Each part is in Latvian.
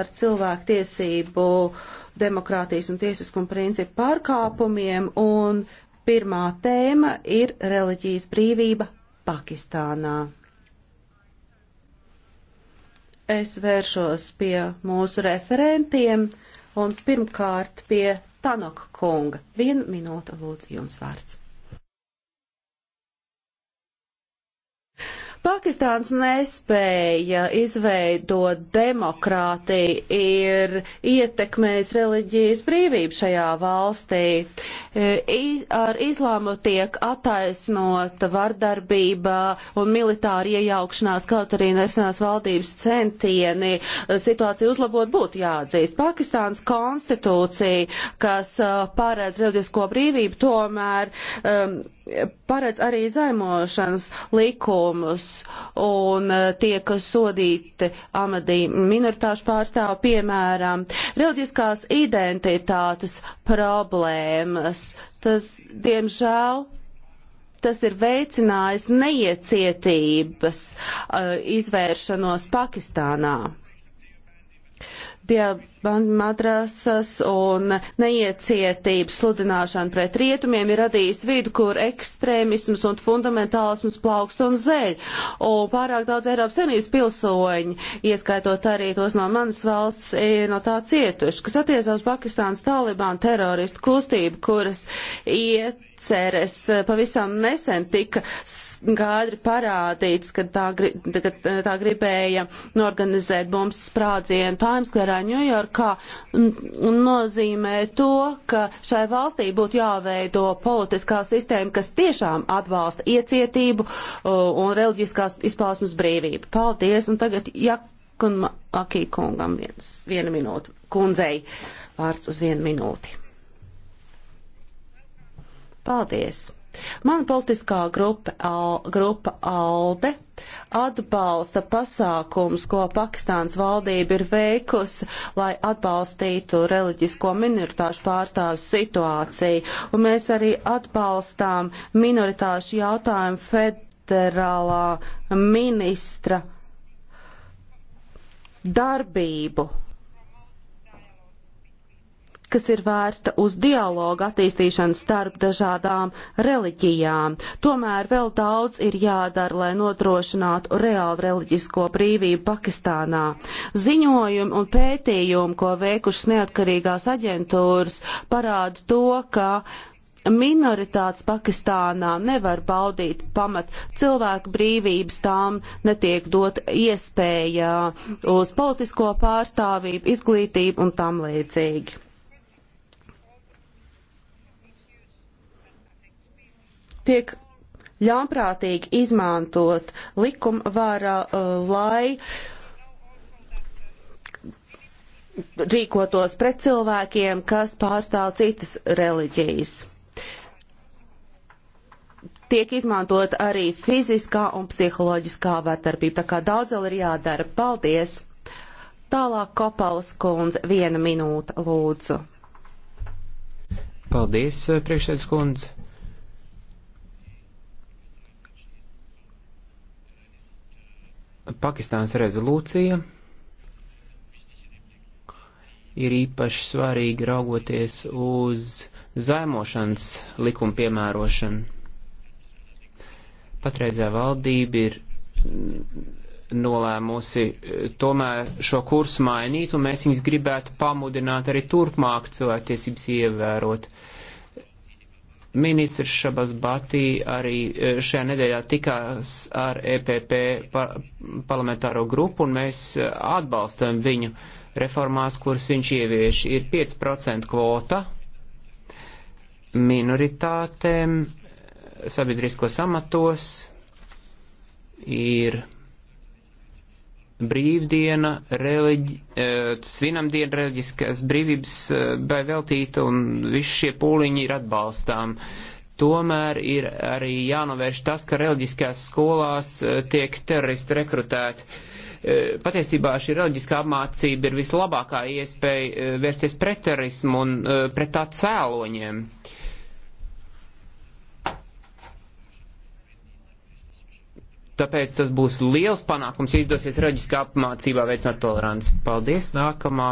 ar cilvēku tiesību, demokrātijas un tiesiskuma principu pārkāpumiem, un pirmā tēma ir reliģijas brīvība Pakistānā. Es vēršos pie mūsu referentiem un pirmkārt pie Tanok kunga. Vienu minūtu lūdzu jums vārds. Pakistāns nespēja izveidot demokrātiju, ir ietekmējis reliģijas brīvību šajā valstī. E, ar islāmu tiek attaisnota vardarbība un militāra iejaukšanās, kaut arī nesenās valdības centieni e, situāciju uzlabot būtu jāatzīst. Pakistāns konstitūcija, kas e, paredz reliģisko brīvību, tomēr um, paredz arī zaimošanas likumus un eh, tiek sodīti amadī minoritāšu pārstāvu, piemēram, reliģiskās identitātes problēmas. Tas, diemžēl, tas ir veicinājis neiecietības uh, izvēršanos Pakistānā. Diab bandmatrasas un neiecietības sludināšana pret rietumiem ir radījis vidu, kur ekstrēmisms un fundamentālisms plaukst un zeļ. Un pārāk daudz Eiropas Savienības pilsoņi, ieskaitot arī tos no manas valsts, ir no tā cietuši, kas attiecās Pakistānas Talibānu teroristu kustību, kuras iet ceres pavisam nesen tika skaidri parādīts, ka tā, ka tā gribēja norganizēt bombas sprādzienu Times Square, Ņujorkā kā nozīmē to, ka šai valstī būtu jāveido politiskā sistēma, kas tiešām atbalsta iecietību uh, un reliģiskās izpausmes brīvību. Paldies, un tagad Jakunma Akī kungam viens, viena minūte, kundzei vārds uz vienu minūti. Paldies! Mana politiskā grupa, al, grupa ALDE atbalsta pasākums, ko Pakistāns valdība ir veikusi, lai atbalstītu reliģisko minoritāšu pārstāvju situāciju. Un mēs arī atbalstām minoritāšu jautājumu federālā ministra darbību kas ir vērsta uz dialogu attīstīšanu starp dažādām reliģijām. Tomēr vēl daudz ir jādara, lai notrošinātu reālu reliģisko brīvību Pakistānā. Ziņojumi un pētījumi, ko veikušas neatkarīgās aģentūras, parāda to, ka minoritātes Pakistānā nevar baudīt pamat cilvēku brīvības, tām netiek dot iespēja uz politisko pārstāvību, izglītību un tam līdzīgi. tiek ļaunprātīgi izmantot likumvara, uh, lai rīkotos pret cilvēkiem, kas pārstāv citas reliģijas. Tiek izmantot arī fiziskā un psiholoģiskā vērtarbība, tā kā daudz vēl ir jādara. Paldies! Tālāk Kopalas kundze, viena minūte, lūdzu. Paldies, priekšsēdz kundze. Pakistānas rezolūcija ir īpaši svarīga raugoties uz zaimošanas likuma piemērošanu. Patreizē valdība ir nolēmusi eh, tomēr šo kursu mainīt, un mēs viņus gribētu pamudināt arī turpmāk cilvēktiesības ievērot. Uh, Ministrs Šabas Batī arī e, šajā nedēļā tikās ar EPP par parlamentāro grupu, un mēs e, atbalstam viņu reformās, kuras viņš ievieš. Ir 5% kvota minoritātēm sabiedriskos amatos, ir brīvdiena, reliģi, eh, svinam dienu reliģiskās brīvības eh, vai veltīta, un visi šie pūliņi ir atbalstām. Tomēr ir arī jānovērš tas, ka reliģiskās skolās eh, tiek teroristi rekrutēti. Patiesībā šī reliģiskā apmācība ir vislabākā iespēja vērsties pret terorismu un pret tā cēloņiem. Uh, Tāpēc tas būs liels panākums, ja izdosies reģiskā apmācībā veicināt toleranci. Paldies! Nākamā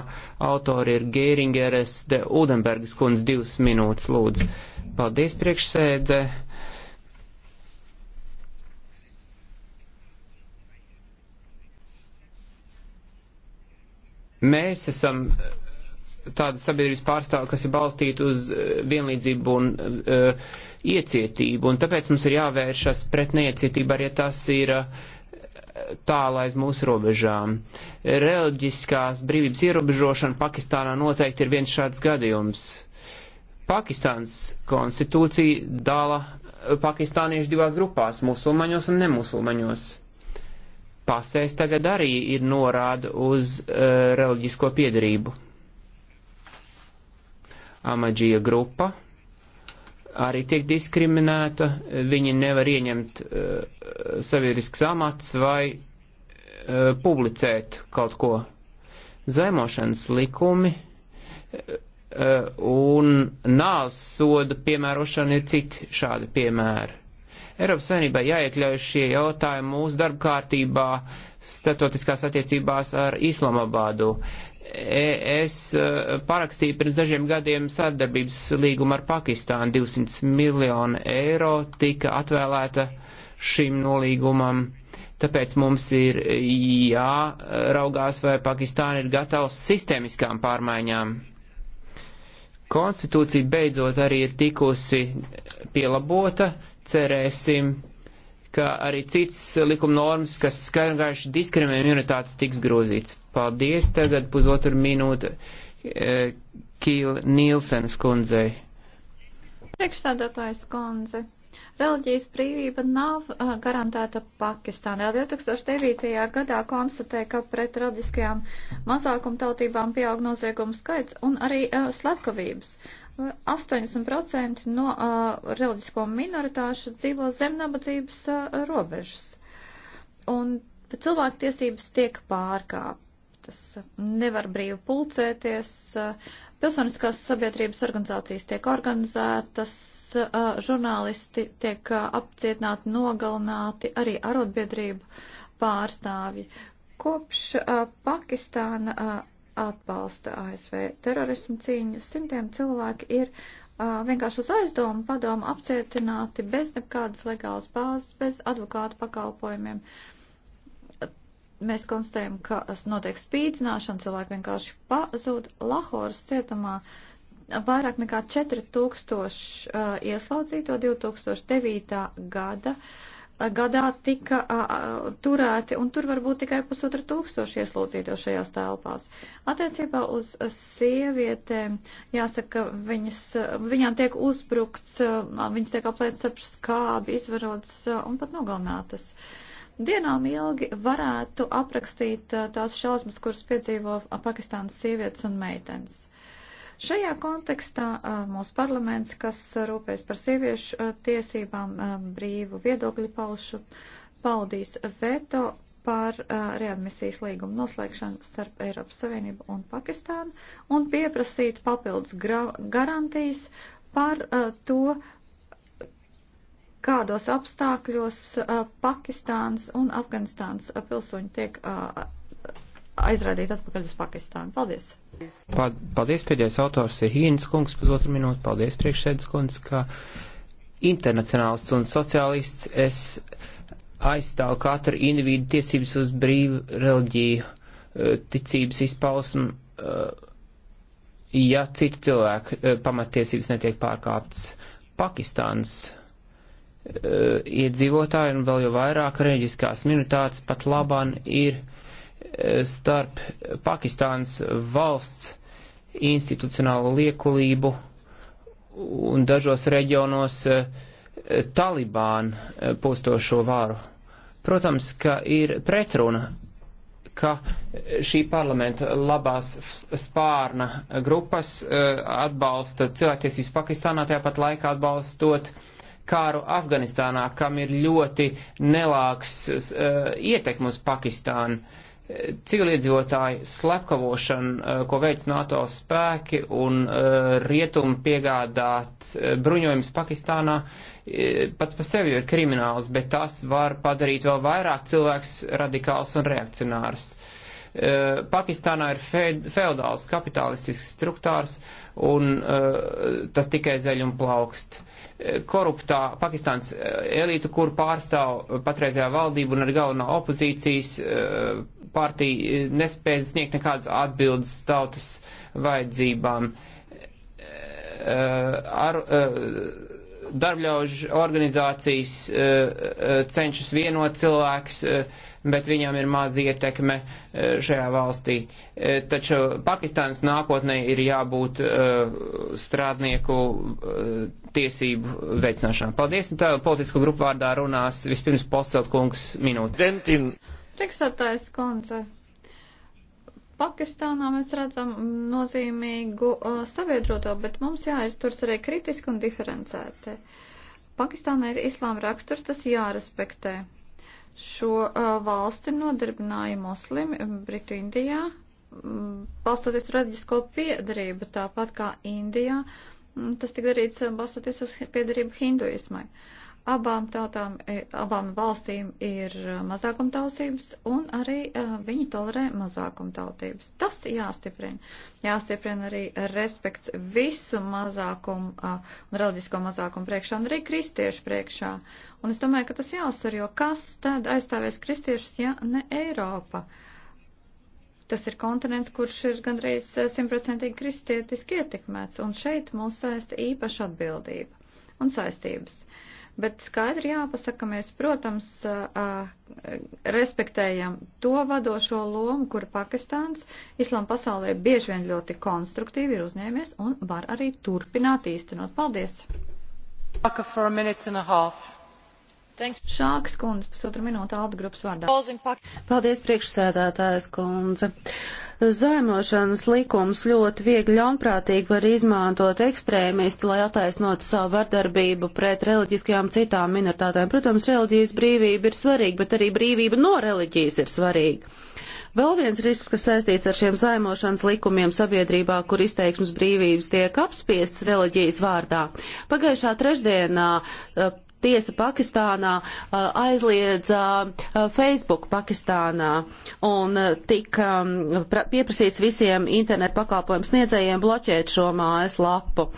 autori ir Gēringeres de Udenbergas kundze divas minūtes lūdzu. Paldies priekšsēde! Mēs esam tāda sabiedrības pārstāva, kas ir balstīta uz eh, vienlīdzību un uh, iecietību, un tāpēc mums ir jāvēršas pret neiecietību, arī ja tas ir uh, tālu aiz mūsu robežām. Reliģiskās brīvības ierobežošana Pakistānā noteikti ir viens šāds gadījums. Pakistāns konstitūcija dala pakistāniešu divās grupās - musulmaņos un nemusulmaņos pasēs tagad arī ir norāda uz uh, reliģisko piedarību. Amadžija grupa arī tiek diskriminēta, viņi nevar ieņemt uh, eh, sabiedrisks amats vai uh, publicēt kaut ko. Zaimošanas likumi uh, un nāves soda piemērošana ir citi šādi piemēri. Eiropas Savienībai jāiekļauj šie jautājumi mūsu darba kārtībā, statotiskās attiecībās ar Islamabādu es e, parakstīju pirms dažiem gadiem sadarbības līgumu ar Pakistānu. 200 miljonu eiro tika atvēlēta šim nolīgumam. Tāpēc mums ir jāraugās, vai Pakistāna ir gatavs sistēmiskām pārmaiņām. Konstitūcija beidzot arī ir tikusi pielabota. Cerēsim, ka arī cits likuma normas, kas skaidrgājuši diskriminē minoritātes, tiks grozīts. Paldies tagad pusotru minūtu e, Kīla Nīlsenas kundzei. Priekšstādātājs kundze. Reliģijas brīvība nav uh, garantēta Pakistānā. 2009. gadā konstatēja, ka pret reliģiskajām mazākumtautībām pieaug noziegumu skaits un arī uh, slepkavības. 80% no uh, reliģisko minoritāšu dzīvo zem nabadzības uh, robežas. Un cilvēktiesības tiek pārkāptas lietas. Nevar brīvi pulcēties. Pilsoniskās sabiedrības organizācijas tiek organizētas, žurnālisti tiek apcietināti, nogalināti, arī arotbiedrību pārstāvji. Kopš Pakistāna atbalsta ASV terorismu cīņu simtiem cilvēki ir vienkārši uz aizdomu padomu apcietināti bez nekādas legālas bāzes, bez advokātu pakalpojumiem. Uh, mēs konstatējam, ka notiek spīdzināšana, cilvēki vienkārši pazūd Lahoras cietumā. Vairāk nekā 4000 uh, ieslodzīto 2009. gada uh, gadā tika uh, uh, turēti, un tur varbūt tikai pusotra tūkstoši ieslodzīto šajās telpās. Attiecībā uz sievietēm jāsaka, viņas, uh, viņām tiek uzbrukts, uh, viņas tiek aplētas ar skābi, izvarotas uh, un pat nogalinātas. Uh, dienām ilgi varētu aprakstīt uh, tās šausmas, kuras piedzīvo uh, Pakistānas sievietes un meitenes. Šajā kontekstā uh, mūsu parlaments, kas rūpēs par sieviešu tiesībām, brīvu viedokļu paušu, paudīs veto par readmisijas līgumu noslēgšanu starp Eiropas Savienību un Pakistānu un pieprasīt papildus garantijas par to, kādos apstākļos uh, Pakistānas un Afganistānas uh, pilsoņi tiek uh, aizrādīti atpakaļ uz Pakistānu. Paldies! Paldies, pēdējais autors ir Hīnas kungs, pusotru minūtu. Paldies, priekšsēdus kungs, ka internacionālists un sociālists es aizstāvu katru individu tiesības uz brīvu reliģiju, ticības izpausmu, ja citi cilvēki pamatiesības netiek pārkāptas. Pakistāns Eh, iedzīvotāji un vēl jau vairāk reģiskās minoritātes pat labāk ir eh, starp Pakistānas valsts institucionālo liekulību un dažos reģionos eh, Talibānu postošo vāru. Protams, ka ir pretruna, ka šī parlamenta labās spārna grupas atbalsta cilvēktiesības Pakistānā, tāpat laikā atbalstot uh, kāru Afganistānā, kam ir ļoti nelāks uh, eh, ietekmes Pakistānu. Eh, civiliedzīvotāju slepkavošanu, uh, eh, ko veic NATO spēki un uh, rietumu piegādāt uh, bruņojums Pakistānā, pats par sevi ir krimināls, bet tas var padarīt vēl vairāk cilvēks radikāls un reakcionārs. Uh, Pakistānā ir fe feudāls, kapitalistisks struktūrs, un uh, tas tikai zeļ un plaukst. Uh, koruptā Pakistāns eh, elītu, kur pārstāv patreizējā valdība un arī galvenā opozīcijas eh, partija eh, nespēja sniegt nekādas atbildes tautas vajadzībām. Ar, darbļaužu organizācijas cenšas vienot cilvēks, uh, bet viņām ir maz ietekme e, šajā valstī. E, taču Pakistānas nākotnē ir jābūt e, strādnieku tiesību veicināšanā. Paldies, un tā politisko grupu vārdā runās vispirms Postelkungs minūte. Priekšstādājas konce. Pakistānā mēs redzam nozīmīgu uh, sabiedroto, bet mums jāizturs arī kritiski un diferencēti. Pakistāna ir islāma raksturs, tas jārespektē. Šo uh, valsti nodarbināja muslimi um, Britu Indijā, um, balstoties reliģisko piedarību, tāpat kā Indijā. Mm, tas tika darīts um, balstoties uz piedarību hinduismai. Uh, Abām tautām, e, abām valstīm ir e, mazākumtautības un arī e, viņi tolerē mazākumtautības. Tas jāstiprina. Jāstiprina arī respekts visu mazākumu un reliģisko mazākumu priekšā un arī kristiešu priekšā. Un es domāju, ka tas jāuzsver, jo kas tad aizstāvēs kristiešus, ja ne Eiropa? tas ir kontinents, kurš ir gandrīz simtprocentīgi kristietiski ietekmēts, un šeit mūs saista īpaša atbildība un saistības bet skaidri jāpasaka, mēs, protams, respektējam to vadošo lomu, kur Pakistāns islām pasaulē bieži vien ļoti konstruktīvi ir uzņēmies un var arī turpināt īstenot. Paldies! Paka for a minute and a half. Šāks kundze, pusotru minūtu Alda grupas vārdā. Paldies, priekšsēdētājas kundze. Zaimošanas likums ļoti viegli ļaunprātīgi var izmantot ekstrēmisti, lai attaisnotu savu vardarbību pret reliģiskajām citām minoritātēm. Protams, reliģijas brīvība ir svarīga, bet arī brīvība no reliģijas ir svarīga. Vēl viens risks, kas saistīts ar šiem zaimošanas likumiem sabiedrībā, kur izteiksmes brīvības tiek apspiestas reliģijas vārdā. Pagājušā trešdienā eh, tiesa Pakistānā uh, aizliedza uh, Facebook Pakistānā un uh, tika um, pieprasīts visiem internetu pakalpojumu sniedzējiem bloķēt šo mājas lapu,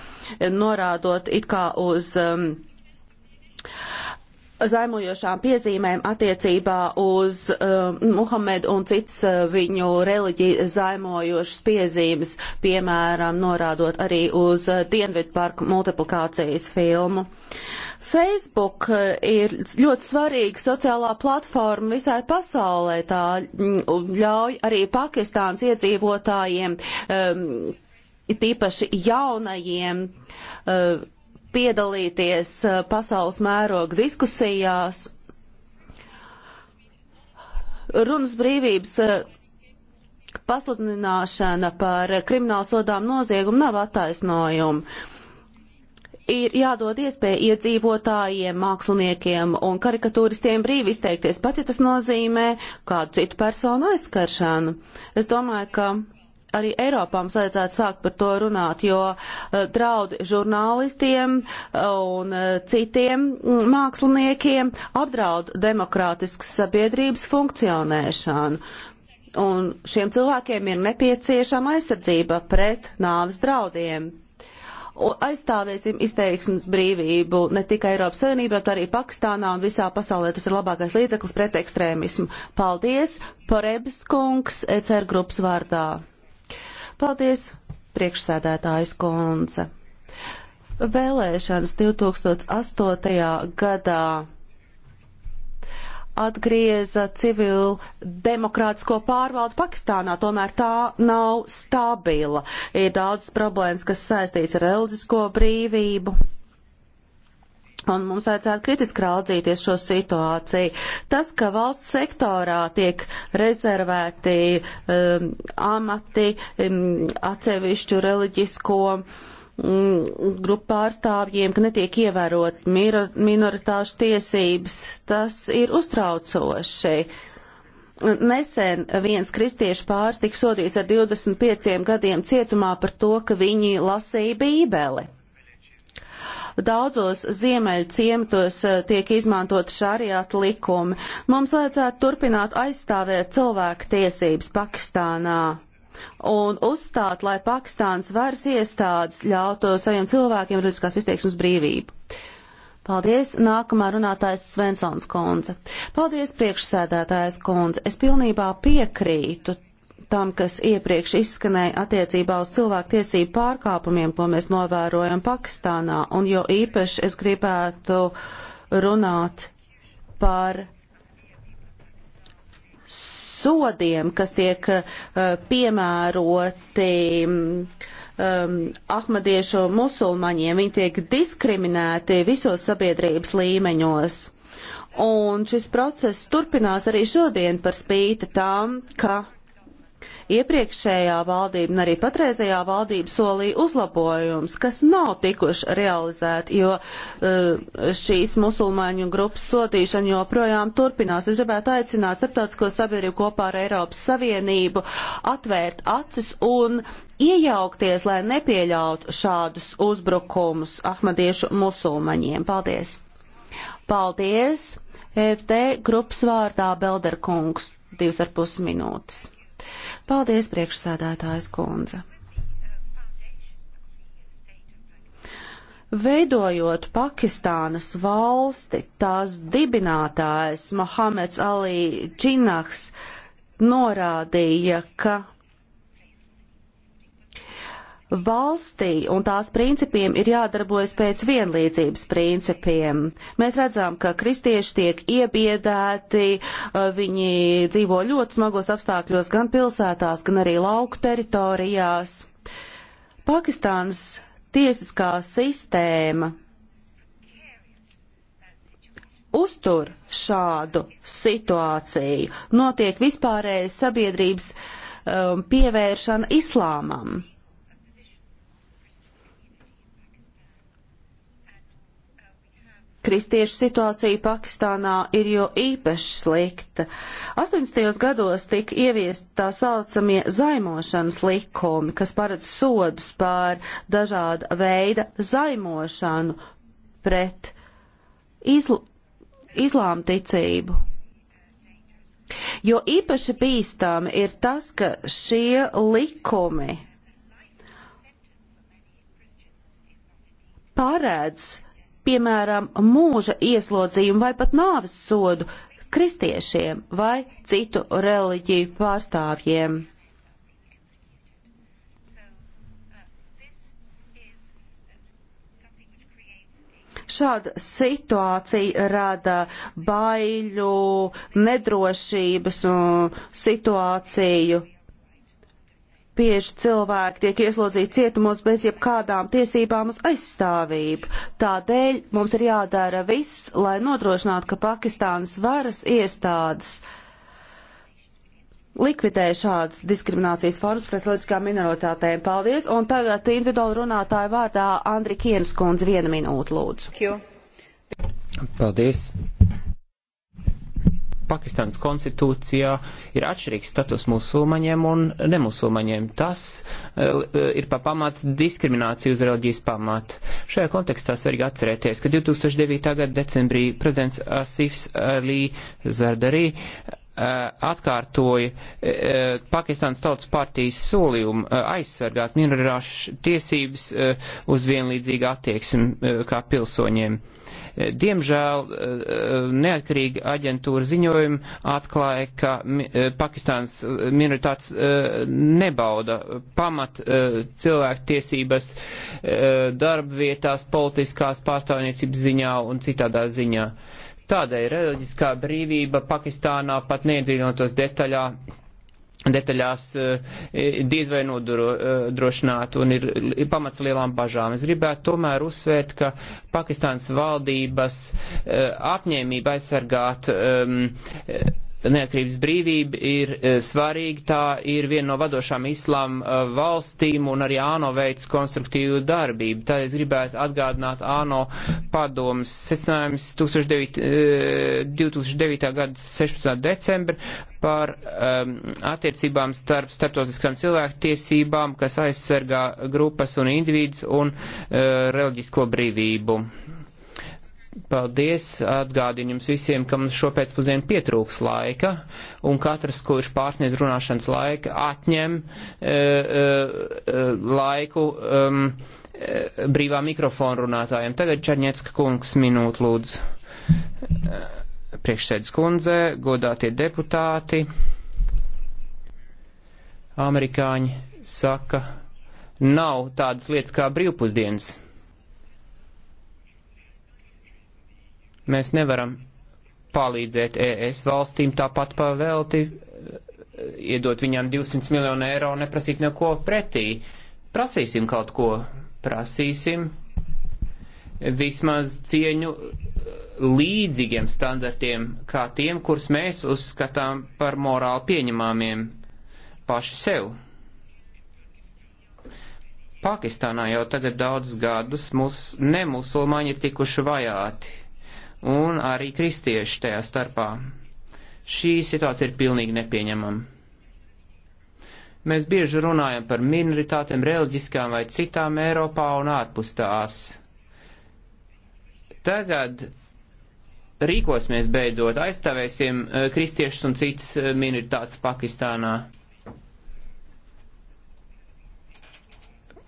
norādot it kā uz um, zaimojošām piezīmēm attiecībā uz uh, eh, Muhamedu un cits uh, viņu reliģiju zaimojošas piezīmes, piemēram, norādot arī uz uh, Dienvidu parku multiplikācijas filmu. Facebook ir ļoti svarīga sociālā platforma visai pasaulē. Tā mm, ļauj arī Pakistāns iedzīvotājiem, um, tīpaši jaunajiem, uh, piedalīties eh, pasaules mēroga diskusijās. Runas brīvības eh, pasludināšana par kriminālu sodām noziegumu nav attaisnojumu. Ir jādod iespēja iedzīvotājiem, māksliniekiem un karikatūristiem brīvi izteikties, pat ja tas nozīmē kādu citu personu aizskaršanu. Es domāju, ka arī Eiropā mums vajadzētu sākt par to runāt, jo uh, draudi žurnālistiem eh, un uh, citiem mm, māksliniekiem apdraud demokrātiskas sabiedrības funkcionēšanu. Un šiem cilvēkiem ir nepieciešama aizsardzība pret nāves draudiem. Un aizstāvēsim izteiksmes brīvību ne tikai Eiropas Savienībā, bet arī Pakistānā un visā pasaulē. Tas ir labākais līdzeklis pret ekstrēmismu. Paldies, Porebs kungs, ECR grupas vārdā. Paldies, priekšsēdētājs Konce. Vēlēšanas 2008. gadā atgrieza civilu demokrātisko pārvaldu Pakistānā, tomēr tā nav stabila. Ir daudzas problēmas, kas saistīts ar reliģisko brīvību. Un mums vajadzētu kritiski raudzīties šo situāciju. Tas, ka valsts sektorā tiek rezervēti um, amati um, atsevišķu reliģisko um, grupu pārstāvjiem, ka netiek ievērot minoritāšu tiesības, tas ir uztraucoši. Nesen viens kristiešu pāris tika sodīts ar 25 gadiem cietumā par to, ka viņi lasīja Bībeli. Daudzos ziemeļu ciematos eh, tiek izmantot šariāt likumi. Mums vajadzētu turpināt aizstāvēt cilvēku tiesības Pakistānā un uzstāt, lai Pakistānas varas iestādes ļautu saviem cilvēkiem reliģiskās izteiksmes brīvību. Paldies, nākamā runātājs Svensons kundze. Paldies, priekšsēdētājs kundze. Es pilnībā piekrītu lietām, kas iepriekš izskanēja attiecībā uz cilvēktiesību pārkāpumiem, ko mēs novērojam Pakistānā, un jo īpaši es gribētu runāt par sodiem, kas tiek uh, piemēroti um, ahmadiešu musulmaņiem. Viņi tiek diskriminēti visos sabiedrības līmeņos. Un šis process turpinās arī šodien par spīti tam, ka Iepriekšējā valdība un arī patreizējā valdība solīja uzlabojums, kas nav tikuši realizēti, jo uh, šīs musulmaņu grupas sotīšana joprojām turpinās. Es gribētu aicināt starptautisko sabiedrību kopā ar Eiropas Savienību atvērt acis un iejaukties, lai nepieļautu šādus uzbrukumus ahmadiešu musulmaņiem. Paldies! Paldies! EFT grupas vārdā Belderkungs divas ar pus minūtes. Paldies, priekšsēdētājs kundze! Veidojot Pakistānas valsti, tās dibinātājs Mohameds Alī Džinahs norādīja, ka valstī un tās principiem ir jādarbojas pēc vienlīdzības principiem. Mēs redzam, ka kristieši tiek iebiedēti, uh, viņi dzīvo ļoti smagos apstākļos gan pilsētās, gan arī lauku teritorijās. Pakistānas tiesiskā sistēma uztur šādu situāciju, notiek vispārējais sabiedrības um, pievēršana islāmam. Kristiešu situācija Pakistānā ir jo īpaši slikta. 80. gados tika ieviest tā saucamie zaimošanas likumi, kas paredz sodus pār dažāda veida zaimošanu pret izl islāma ticību. Jo īpaši bīstami ir tas, ka šie likumi paredz piemēram, mūža ieslodzījumu vai pat nāves sodu kristiešiem vai citu reliģiju pārstāvjiem. Šāda situācija rada baiļu, nedrošības un situāciju bieži cilvēki tiek ieslodzīti cietumos bez jebkādām tiesībām uz aizstāvību. Tādēļ mums ir jādara viss, lai nodrošinātu, ka Pakistānas varas iestādes likvidēja šādas diskriminācijas formas pret lietiskām minoritātēm. Paldies! Un tagad individuāli runātāju vārdā Andri Kienas kundze viena minūte lūdzu. Paldies! Pakistānas konstitūcijā ir atšķirīgs status musulmaņiem un nemusulmaņiem. Tas uh, ir pa pamatu diskrimināciju uz reliģijas pamatu. Šajā kontekstā svarīgi atcerēties, ka 2009. gada decembrī prezidents Asifs Ali Zardarī uh, atkārtoja uh, Pakistānas tautas partijas solījumu aizsargāt minorāšu tiesības uz vienlīdzīgu attieksmi kā pilsoņiem. Diemžēl eh, eh, neatkarīga aģentūra ziņojumi atklāja, ka eh, Pakistāns minoritāts nebauda pamat cilvēku tiesības darba vietās, politiskās pārstāvniecības ziņā un citādā ziņā. Tādēļ reliģiskā brīvība Pakistānā pat neiedziļinotos detaļā detaļās eh, diez vai nodrošināt eh, un ir pamats lielām bažām. Es gribētu tomēr uzsvērt, ka Pakistāns valdības eh, apņēmība aizsargāt um, neatkarības brīvība ir eh, svarīga, tā ir viena no vadošām islāma eh, valstīm un arī ANO veids konstruktīvu darbību. Tā es gribētu atgādināt ANO padomas secinājums 2009, 2009. gada 16. decembra par um, attiecībām starp starptautiskām cilvēku tiesībām, kas aizsargā grupas un individus un uh, reliģisko brīvību. Paldies, atgādinu jums visiem, ka mums šopēcpusdien pietrūks laika, un katrs, kurš pārsniedz runāšanas laika, atņem e, e, e laiku um, e, brīvā mikrofona runātājiem. Tagad Čaņecka kungs minūte lūdzu. E, priekšsēdus kundze, godātie deputāti, amerikāņi saka, nav tādas lietas kā brīvpusdienas. Mēs nevaram palīdzēt ES valstīm tāpat pavelti, iedot viņām 200 miljonu eiro un neprasīt neko pretī. Prasīsim kaut ko, prasīsim vismaz cieņu līdzīgiem standartiem, kā tiem, kurus mēs uzskatām par morāli pieņemamiem paši sev. Pakistānā jau tagad daudz gadus mus, nemusulmaņi ir tikuši vajāti un arī kristieši tajā starpā. Šī situācija ir pilnīgi nepieņemama. Mēs bieži runājam par minoritātēm, reliģiskām vai citām Eiropā un ārpus tās. Tagad rīkosimies beidzot, aizstāvēsim eh, kristiešus un citas eh, minoritātes Pakistānā.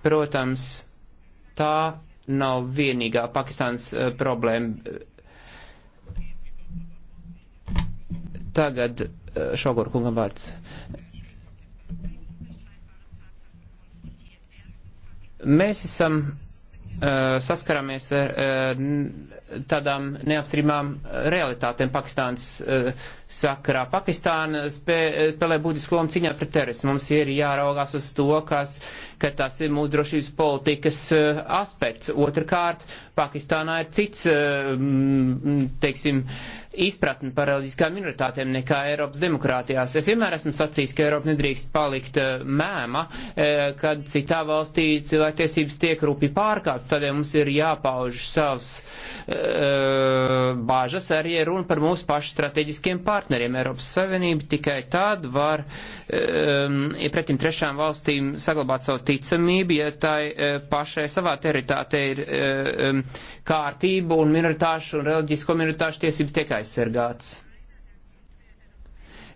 Protams, tā nav vienīgā Pakistānas eh, problēma. Tagad eh, Šogor kungam vārds. Mēs esam eh, saskaramies ar eh, tādām neapstrīmām realitātēm Pakistānas sakarā. Pakistāna spēlē spē, būtisku lomu cīņā pret terorismu. Mums ir jāraugās uz to, kas, ka tas ir mūsu drošības politikas aspekts. Otrkārt, Pakistānā ir cits, teiksim, izpratni par reliģiskām minoritātēm nekā Eiropas demokrātijās. Es vienmēr esmu sacījis, ka Eiropa nedrīkst palikt eh, mēma, eh, kad citā valstī cilvēktiesības tiek rupi pārkāptas, tādēļ mums ir jāpauž savas uh, bāžas arī runa par mūsu pašu strateģiskiem partneriem. Eiropas Savienība tikai tad var um, pretim trešām valstīm saglabāt savu ticamību, ja tai uh, pašai savā teritātē ir uh, um, kārtību un minoritāšu un reliģisko minoritāšu tiesības tiek aizsargāts.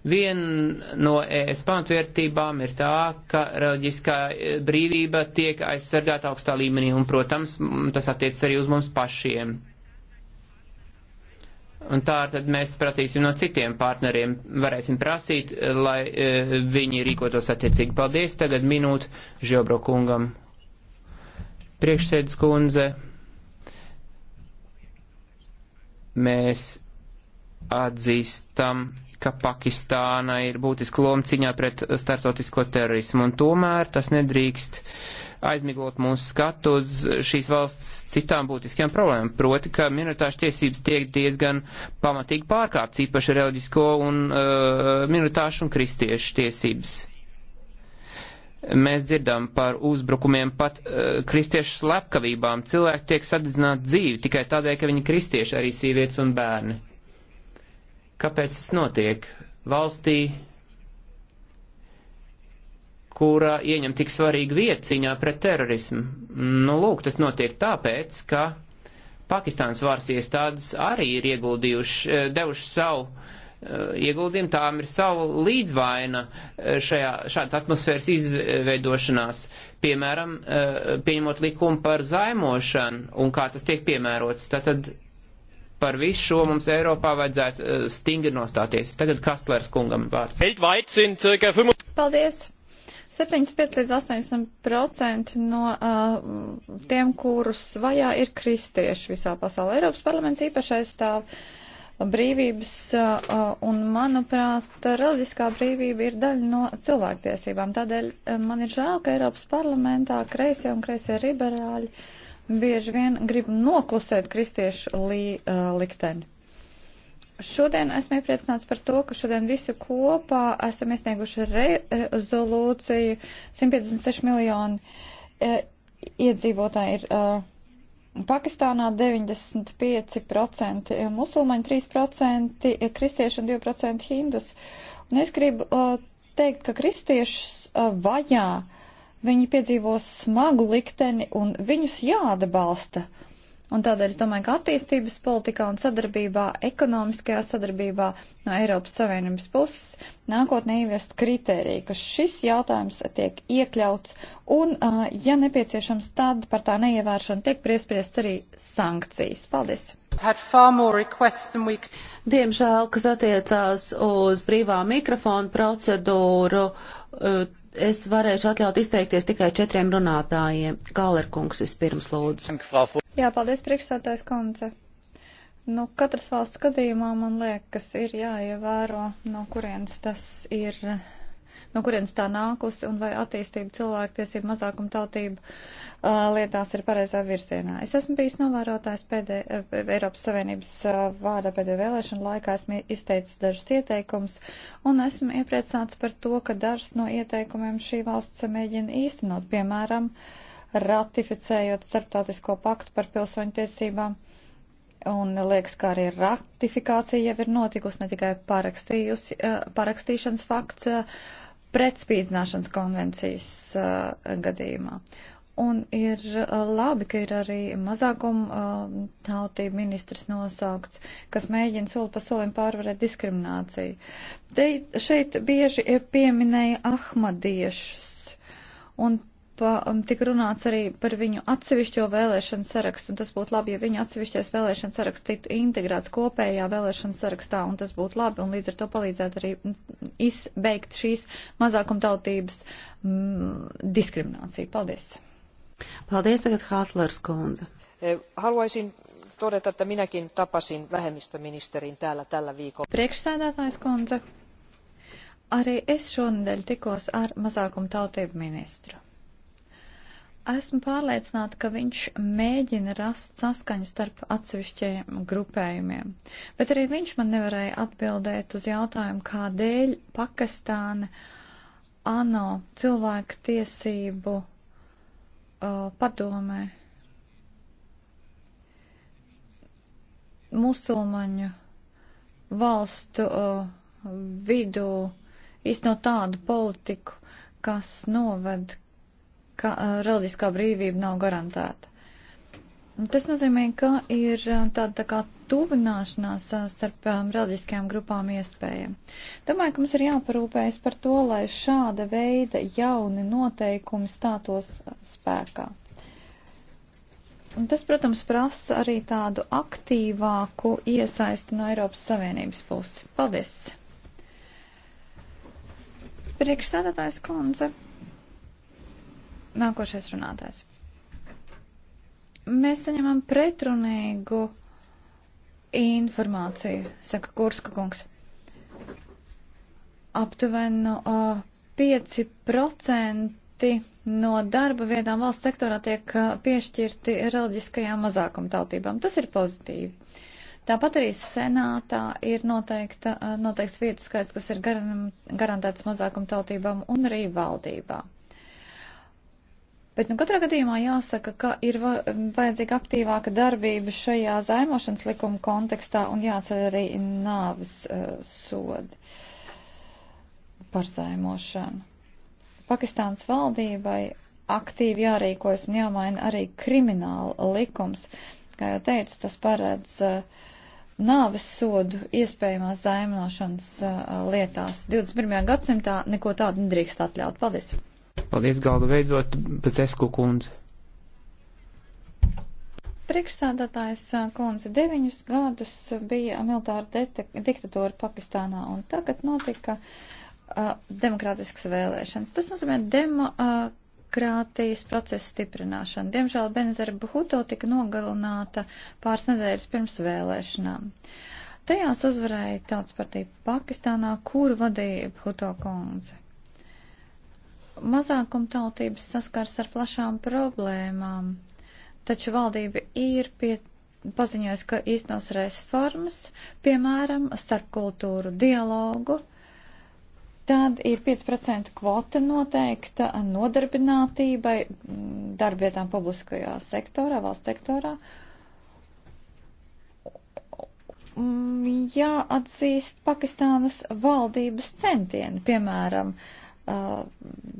Viena no ES pamatvērtībām ir tā, ka reliģiskā e, brīvība tiek aizsargāta augstā līmenī, un, protams, tas attiec arī uz mums pašiem. Un tā tad mēs pratīsim no citiem partneriem, varēsim prasīt, e, lai e, viņi rīkotos attiecīgi. Paldies, tagad minūte Žiobro kungam. Priekšsēdus kundze. Mēs atzīstam, ka Pakistāna ir būtiska loma ciņā pret startotisko terorismu, un tomēr tas nedrīkst aizmiglot mūsu skatu uz šīs valsts citām būtiskajām problēmām, proti, ka minoritāšu tiesības tiek diezgan pamatīgi pārkāpts, īpaši reliģisko un uh, minoritāšu un kristiešu tiesības. Mēs dzirdam par uzbrukumiem pat uh, kristiešu slepkavībām. Cilvēki tiek sadedzināti dzīvi tikai tādēļ, ka viņi kristieši arī sievietes un bērni. Kāpēc tas notiek? Valstī, kurā ieņem tik svarīgu vietu cīņā pret terorismu. Nu, lūk, tas notiek tāpēc, ka Pakistānas varas iestādes arī ir ieguldījuši, eh, devuši savu uh, Eh, ieguldījumu, tām ir sava līdzvaina eh, šajā, šādas atmosfēras izveidošanās, piemēram, eh, pieņemot likumu par zaimošanu un kā tas tiek piemērots. Tātad par visu šo mums Eiropā vajadzētu stingri nostāties. Tagad Kastlers kungam vārds. Paldies! 75 līdz 80% no uh, tiem, kurus vajā, ir kristieši visā pasaulē. Eiropas parlaments īpašais stāv uh, brīvības, un manuprāt, reliģiskā brīvība ir daļa no cilvēktiesībām. Tādēļ man ir žēl, ka Eiropas parlamentā kreisie un kreisie liberāļi bieži vien grib noklusēt kristiešu li, uh, likteni. Šodien esmu iepriecināts par to, ka šodien visi kopā esam iesnieguši rezolūciju 156 miljoni. Uh, iedzīvotāji ir uh, Pakistānā 95% eh, musulmaņi, 3% eh, kristieši un 2% hindus. Un es gribu uh, teikt, ka kristiešus uh, vajā, viņi piedzīvo smagu likteni un viņus jāatbalsta. Uh, Un tādēļ es domāju, ka attīstības politikā un sadarbībā, ekonomiskajā sadarbībā no Eiropas Savienības puses nākotnē ieviest kritēriju, ka šis jautājums tiek iekļauts un, ja nepieciešams, tad par tā neievēršanu tiek priespriests arī sankcijas. Paldies! We... Diemžēl, kas attiecās uz brīvā mikrofona procedūru, es varēšu atļaut izteikties tikai četriem runātājiem. Kālerkungs vispirms lūdzu. Jā, paldies priekšstādājs konce. Nu, katras valsts skatījumā man liekas ir jāievēro, no kurienes tas ir no kurienes tā nākusi un vai attīstība cilvēktiesību mazākumu tautību uh, lietās ir pareizā virzienā. Es esmu bijis novērotājs pēdē, Eiropas Savienības uh, vārda pēdējo vēlēšanu laikā, esmu izteicis dažus ieteikumus un esmu iepriecināts par to, ka dažs no ieteikumiem šī valsts mēģina īstenot, piemēram, ratificējot starptautisko paktu par pilsoņu tiesībām un liekas, ka arī ratifikācija jau ir notikusi, ne tikai parakstīšanas fakts pretspīdzināšanas konvencijas uh, gadījumā. Un ir uh, labi, ka ir arī mazākuma uh, tautība ministrs nosaukts, kas mēģina soli pa solim pārvarēt diskrimināciju. Te, šeit bieži pieminēja ahmadiešus. Un pa, um, tika runāts arī par viņu atsevišķo vēlēšanu sarakstu, un tas būtu labi, ja viņa atsevišķais vēlēšanu saraksts tiktu integrēts kopējā vēlēšanu sarakstā, un tas būtu labi, un līdz ar to palīdzētu arī izbeigt šīs mazākumtautības mm, diskrimināciju. Paldies! Paldies tagad Hātlers kundze. E, haluaisin todeta, että minäkin tapasin vähemmistöministerin täällä tällä viikolla. Priekšsēdētājs kundze, arī es šonadēļ tikos ar mazākumtautību ministru. Esmu pārliecināta, ka viņš mēģina rast saskaņu starp atsevišķiem grupējumiem, bet arī viņš man nevarēja atbildēt uz jautājumu, kādēļ Pakistāna ANO cilvēku tiesību uh, padomē musulmaņu valstu uh, vidū īstenot tādu politiku, kas noved ka uh, reliģiskā brīvība nav garantēta. Tas nozīmē, ka ir tāda tā kā tuvināšanās starp um, reliģiskajām grupām iespējama. Domāju, ka mums ir jāparūpējas par to, lai šāda veida jauni noteikumi stātos spēkā. Un tas, protams, prasa arī tādu aktīvāku iesaisti no Eiropas Savienības puses. Paldies! Priekšsēdētājs koncepts. Nākošais runātājs. Mēs saņemam pretrunīgu informāciju, saka Kurska kungs. Aptuvenu uh, 5% no darba vietām valsts sektorā tiek uh, piešķirti reliģiskajām mazākumtautībām. Tas ir pozitīvi. Tāpat arī senātā ir noteikta, uh, noteikts vietu skaits, kas ir garantēts mazākumtautībām un arī valdībā. Bet, nu, katrā gadījumā jāsaka, ka ir vajadzīga aktīvāka darbība šajā zaimošanas likuma kontekstā un jāceļ arī nāvis uh, eh, sodi par zaimošanu. Pakistānas valdībai aktīvi jārīkojas un jāmaina arī krimināla likums. Kā jau teicu, tas paredz uh, nāves sodu iespējamās zaimnošanas uh, eh, lietās. 21. gadsimtā neko tādu nedrīkst atļaut. Paldies! Paldies, galdu beidzot, Bezesku kundze. Priekšsādātājs kundze deviņus gadus bija militāra diktatūra Pakistānā un tagad notika uh, demokrātiskas vēlēšanas. Tas nozīmē demokrātijas procesa stiprināšanu. Diemžēl Benezera Buhuto tika nogalināta pāris nedēļas pirms vēlēšanām. Tajās uzvarēja Tautas partija Pakistānā, kuru vadīja Buhuto kundze. Mazākumtautības saskars ar plašām problēmām, taču valdība ir pie paziņojis, ka īstenos reformas, piemēram, starp kultūru dialogu, tad ir 5% kvota noteikta nodarbinātībai mm, darbietām publiskajā sektorā, valsts sektorā. Mm, jāatzīst Pakistānas valdības centieni, piemēram, uh, Uh,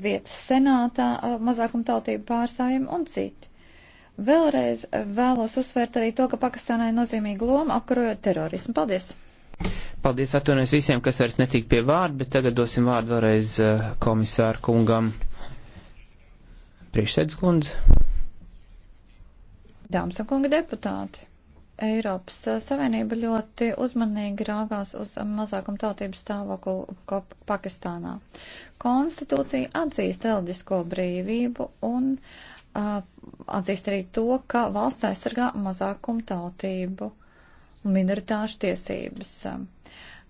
vietas senātā uh, mazākumtautību pārstāvjiem un citi. Vēlreiz vēlos uzsvērt arī to, ka Pakistānai nozīmīga loma apkarojot terorismu. Paldies! Paldies atvainojos visiem, kas vairs netika pie vārda, bet tagad dosim vārdu vēlreiz uh, komisāru kungam. Priekšsēdz kundze. Dāmas un kungi deputāti. Eiropas eh, Savienība ļoti uzmanīgi rāgās uz mazākuma tautības stāvokli Pakistānā. Konstitūcija atzīst reliģisko brīvību un uh, atzīst arī to, ka valsts aizsargā mazākuma tautību un minoritāšu tiesības.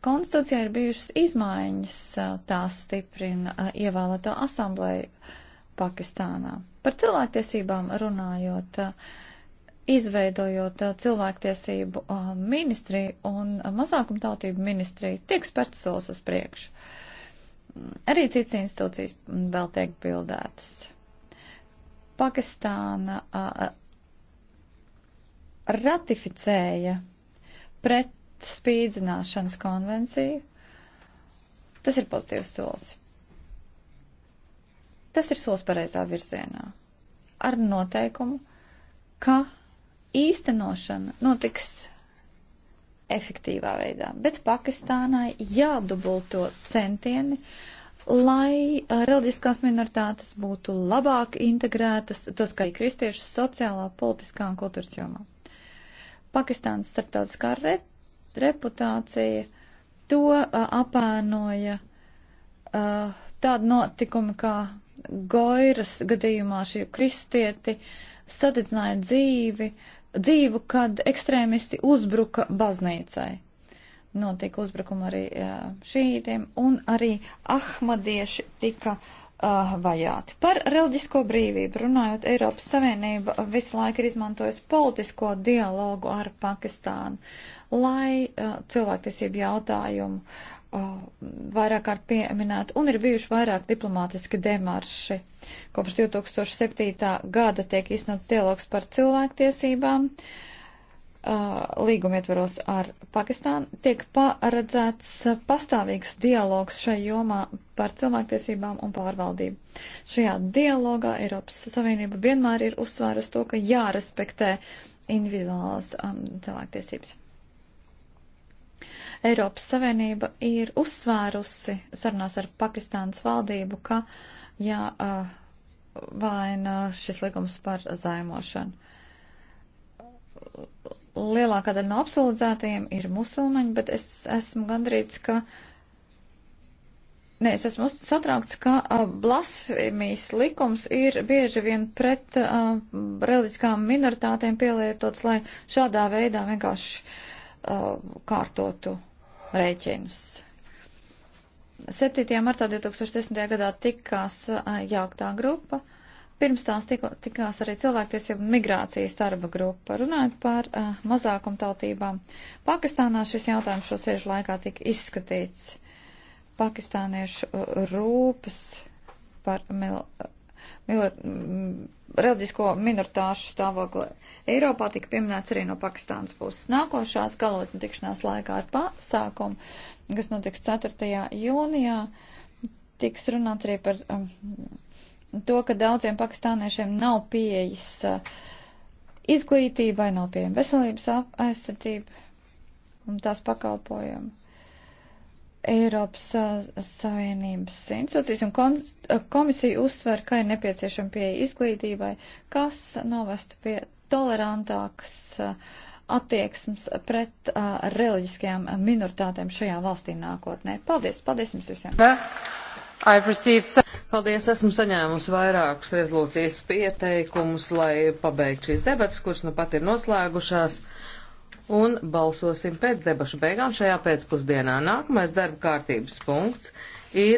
Konstitūcijā ir bijušas izmaiņas, eh, tās stiprina ievēlēto asamblēju Pakistānā. Par cilvēktiesībām runājot. Uh, izveidojot cilvēktiesību ministriju un mazākumtautību ministriju, tiek spērts solis uz priekšu. Mm, arī citas institūcijas vēl tiek bildētas. Pakistāna ratificēja pret spīdzināšanas konvenciju. Tas ir pozitīvs solis. Tas ir solis pareizā virzienā. Ar noteikumu, ka īstenošana notiks efektīvā veidā, bet Pakistānai jādubulto centieni, lai reliģiskās minoritātes būtu labāk integrētas, tos kā arī kristiešus sociālā, politiskā un kultūras jomā. Pakistānas starptautiskā re, reputācija to uh, apēnoja uh, tādu notikumu kā Goiras gadījumā šie kristieti sadedzināja dzīvi, uh, dzīvu, kad ekstrēmisti uzbruka baznīcai. Notika uzbrukuma arī šīdiem, un arī ahmadieši tika uh, vajāti. Par reliģisko brīvību runājot, Eiropas Savienība visu laiku ir izmantojusi politisko dialogu ar Pakistānu, lai uh, cilvēktiesību jautājumu uh, vairāk kārt pieminēta, un ir bijuši vairāk diplomātiski demarši. Kopš 2007. gada tiek iznots dialogs par cilvēktiesībām. Līguma ietvaros ar Pakistānu tiek paredzēts pastāvīgs dialogs šai jomā par cilvēktiesībām un pārvaldību. Šajā dialogā Eiropas Savienība vienmēr ir uzsvērusi to, ka jārespektē individuālas um, cilvēktiesības. Eiropas Savienība ir uzsvērusi sarunās ar Pakistānas valdību, ka jāvaina šis likums par zaimošanu lielākā daļa no apsūdzētajiem ir musulmaņi, bet es esmu gandrīz, ka. Nē, es esmu satraukts, ka uh, blasfēmijas likums ir bieži vien pret uh, reliģiskām minoritātēm pielietots, lai šādā veidā vienkārši uh, Uh, kārtotu rēķinus. 7. martā 2010. gadā tikās uh, jāgtā grupa. Pirms tās tika, tikās arī cilvēktiesību un migrācijas darba grupa, runājot par uh, mazākumtautībām. Pakistānā šis jautājums šo sēžu laikā tika izskatīts. Pakistāniešu uh, rūpes par mil, Mm, reliģisko minoritāšu stāvokli. Eiropā tika pieminēts arī no Pakistānas puses. Nākošās galotņu tikšanās laikā ar pasākumu, kas notiks 4. jūnijā, tiks runāts arī par um, to, ka daudziem pakistāniešiem nav pieejas uh, izglītībai, nav pieejama veselības aizsardzība un tās pakalpojumi. Eiropas Savienības institūcijas un komisija uzsver, ka ir nepieciešama pieeja izglītībai, kas novestu pie tolerantākas attieksmes pret uh, reliģiskajām minoritātēm šajā valstī nākotnē. Paldies! Paldies jums visiem! Received... Paldies! Esmu saņēmusi vairākus rezolūcijas pieteikumus, lai pabeigtu šīs debatas, kuras nu pat ir noslēgušās un balsosim pēc debašu beigām šajā pēcpusdienā. Nākamais darba kārtības punkts ir.